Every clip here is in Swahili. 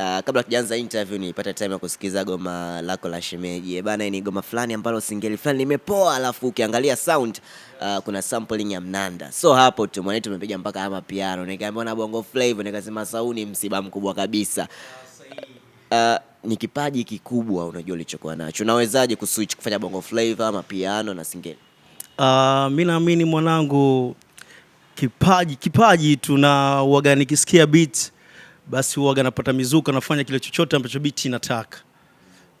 Uh, kabla tujaanza interview nipate time ya kusikiza goma lako la shemeji eh, bana. Ni goma fulani ambalo singeli fulani limepoa, alafu ukiangalia sound uh, kuna sampling ya mnanda, so hapo tu mwanetu tumepiga mpaka ama piano, nikaambia na bongo flavor, nikasema sauni msiba mkubwa kabisa. Uh, ni kipaji kikubwa unajua ulichokuwa nacho, unawezaje kuswitch kufanya bongo flavor ama piano na singeli? Uh, mi naamini mwanangu, kipaji kipaji, tuna waga nikisikia beat basi huwa anapata mizuka, anafanya kile chochote ambacho biti inataka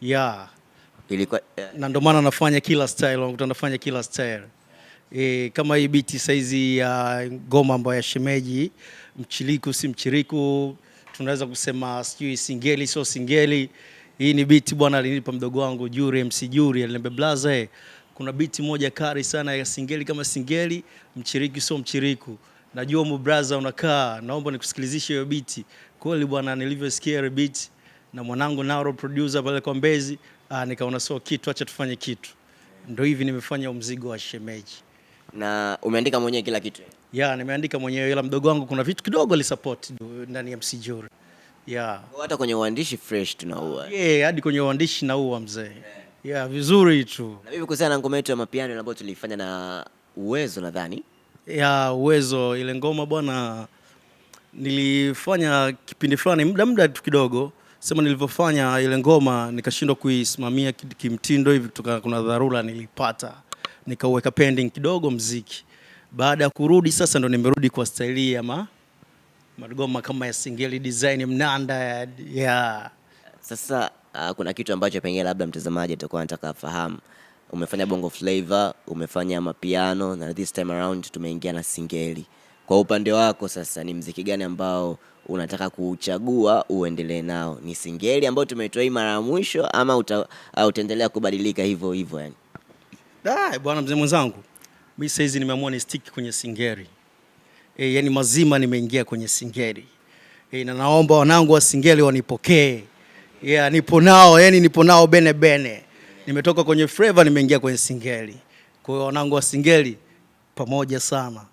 ya yeah. Ilikuwa, uh, Na ndio maana anafanya kila style, unakuta anafanya kila style e, kama hii biti saizi ya uh, ngoma ambayo ya shemeji mchiriku si mchiriku, tunaweza kusema sijui singeli sio singeli. Hii ni biti bwana alinipa mdogo wangu Juri, MC Juri aliniambia blaze, eh, kuna biti moja kari sana ya singeli kama singeli, mchiriki sio mchiriku najua mu brother unakaa, naomba nikusikilizishe hiyo biti. Kweli bwana, nilivyosikia ile beat na mwanangu Naro producer pale kwa Mbezi, ah, nikaona sio kitu, acha tufanye kitu. Ndio hivi nimefanya mzigo wa shemeji. Na umeandika mwenyewe kila kitu? Yeah, nimeandika mwenyewe ila mdogo wangu kuna vitu kidogo li support ndani ya msijuri. Yeah. Hata kwenye uandishi fresh tunaua. Yeah, hadi kwenye uandishi naua mzee. Yeah. Yeah, vizuri tu. Na mimi kuhusiana na ngoma yetu ya mapiano ambayo tulifanya na Uwezo nadhani. Yeah, Uwezo ile ngoma bwana nilifanya kipindi fulani muda muda tu kidogo, sema nilivyofanya ile ngoma nikashindwa kuisimamia kimtindo hivi, kutoka kuna dharura nilipata, nikaweka pending kidogo mziki. Baada ya kurudi sasa, ndo nimerudi kwa staili ya ma magoma kama ya singeli design mnanda ya yeah. Sasa uh, kuna kitu ambacho pengine labda mtazamaji atakuwa anataka afahamu. Umefanya bongo flavor, umefanya mapiano na this time around tumeingia na singeli. Kwa upande wako sasa ni mziki gani ambao unataka kuuchagua uendelee nao? Ni Singeli ambayo tumeitoa hii mara ya mwisho ama uta, utaendelea kubadilika hivyo hivyo yani? bwana mzee mwenzangu. Mimi sasa hizi nimeamua ni stick kwenye Singeli. E, yani mazima nimeingia kwenye Singeli. E, na naomba wanangu wa Singeli wanipokee. Yeah, nipo nao, yani nipo nao bene bene. Nimetoka kwenye freva nimeingia kwenye Singeli. Kwa hiyo wanangu wa Singeli pamoja sana.